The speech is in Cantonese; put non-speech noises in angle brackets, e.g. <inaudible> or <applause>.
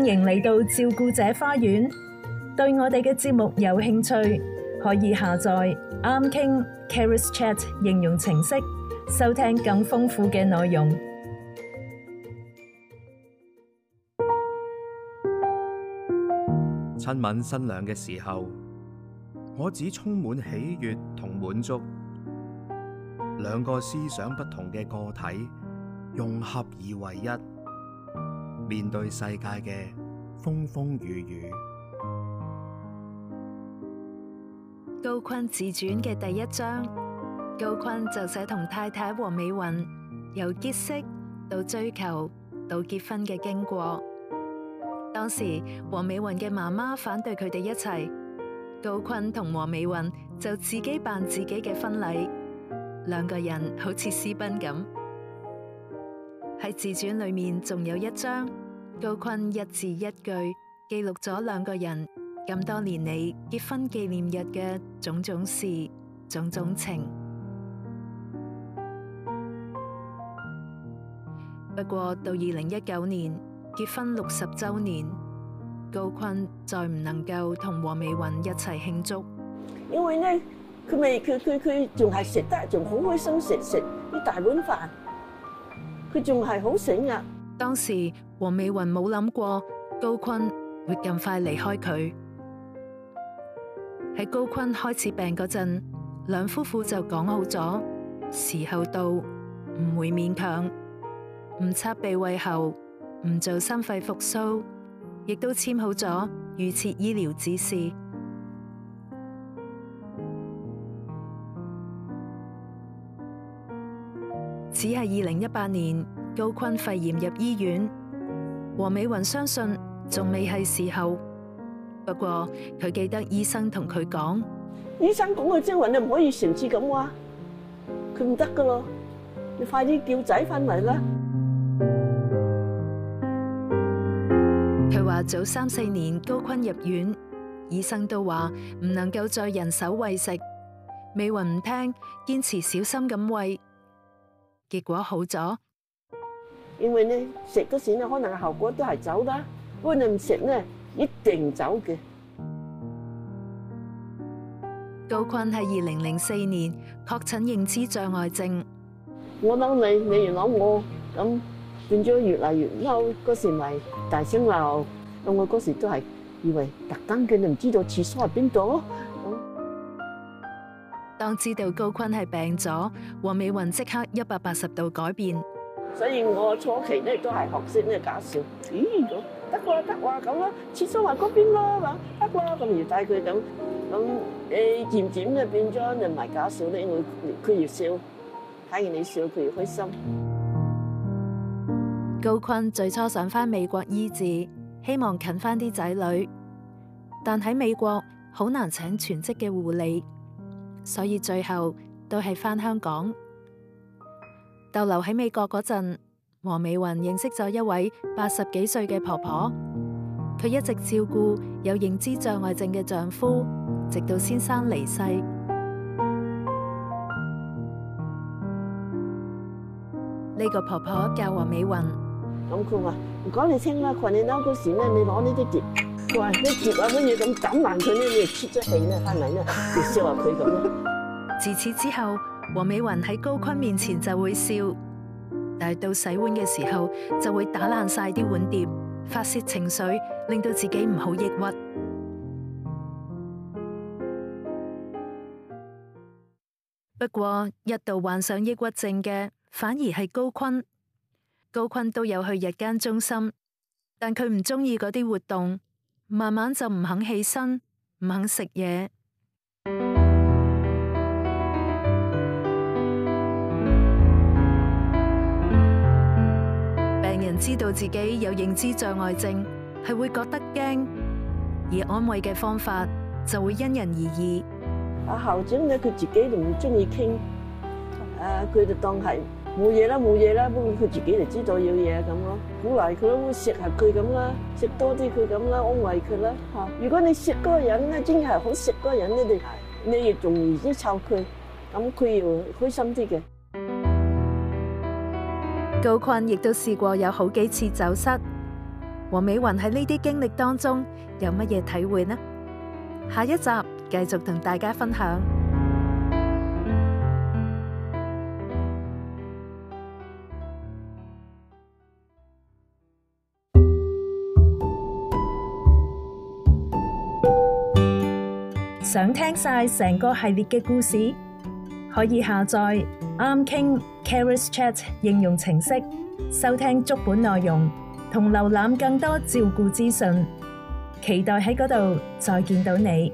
歡迎嚟到照顧者花園，對我哋嘅節目有興趣，可以下載啱傾 Carers Chat 應用程式，收聽更豐富嘅內容。親吻新娘嘅時候，我只充滿喜悅同滿足，兩個思想不同嘅個體融合而為一。面對世界嘅風風雨雨，《高坤自傳》嘅第一章，高坤就寫同太太黃美雲由結識到追求到結婚嘅經過。當時黃美雲嘅媽媽反對佢哋一齊，高坤同黃美雲就自己辦自己嘅婚禮，兩個人好似私奔咁。喺自傳裏面仲有一章。高坤一字一句記錄咗兩個人咁多年嚟，結婚紀念日嘅種種事、種種情。不過到二零一九年結婚六十周年，高坤再唔能夠同黃美雲一齊慶祝，因為呢，佢咪佢佢佢仲係食得仲好開心食食啲大碗飯，佢仲係好醒啊！當時黃美云冇諗過高坤會咁快離開佢。喺高坤開始病嗰陣，兩夫婦就講好咗，時候到唔會勉強，唔插鼻胃喉，唔做心肺復甦，亦都簽好咗預設醫療指示。只係二零一八年。高坤肺炎入醫院，和美雲相信仲未係時候。不過佢記得醫生同佢講，醫生講嘅精神你唔可以成次咁話，佢唔得噶咯，你快啲叫仔翻嚟啦。佢話早三四年高坤入院，醫生都話唔能夠再人手餵食。美雲唔聽，堅持小心咁餵，結果好咗。因為你食嗰時呢，可能效果都係走啦；不過你唔食呢，一定走嘅。高坤係二零零四年確診認知障礙症。我諗你，你越諗我咁變咗越嚟越嬲，嗰時咪大聲鬧。咁我嗰時都係以為特登嘅。你唔知道廁所喺邊度。當知道高坤係病咗，黃美雲即刻一百八十度改變。所以我初期咧都係學識咧假笑，咦咁得啩得啩咁啦，廁所喺嗰邊啦，啊、嘛，得啦咁而帶佢咁咁，你漸漸咧變咗唔係假笑咧，我佢越笑，睇完你笑佢越開心。高坤最初想返美國醫治，希望近返啲仔女，但喺美國好難請全職嘅護理，所以最後都係返香港。逗留喺美國嗰陣，黃美云認識咗一位八十幾歲嘅婆婆，佢一直照顧有認知障礙症嘅丈夫，直到先生離世。呢、這個婆婆教黃美云如果你清啦佢，你嬲嗰時咧，你攞呢啲碟，佢話：呢碟啊乜嘢咁斬爛佢咧，你出咗氣咧，翻嚟咧，即係話佢咁咯。自此之後。黃美雲喺高坤面前就會笑，但係到洗碗嘅時候就會打爛晒啲碗碟，發洩情緒，令到自己唔好抑鬱。 <music> 不過一度患上抑鬱症嘅，反而係高坤。高坤都有去日間中心，但佢唔中意嗰啲活動，慢慢就唔肯起身，唔肯食嘢。到自己有認知障礙症，係會覺得驚，而安慰嘅方法就會因人而異。阿校長咧，佢自己就唔中意傾，誒，佢就當係冇嘢啦，冇嘢啦。不過佢自己就知道有嘢咁咯。好嚟佢都食下佢咁啦，食多啲佢咁啦，安慰佢啦吓。如果你食嗰個人咧，真係好食嗰個人，你哋你亦仲要湊佢，咁佢要開心啲嘅。高坤亦都試過有好幾次走失，黃美云喺呢啲經歷當中有乜嘢體會呢？下一集繼續同大家分享。想聽晒成個系列嘅故事。可以下載啱傾 Carers Chat 應用程式，收聽足本內容，同瀏覽更多照顧資訊。期待喺嗰度再見到你。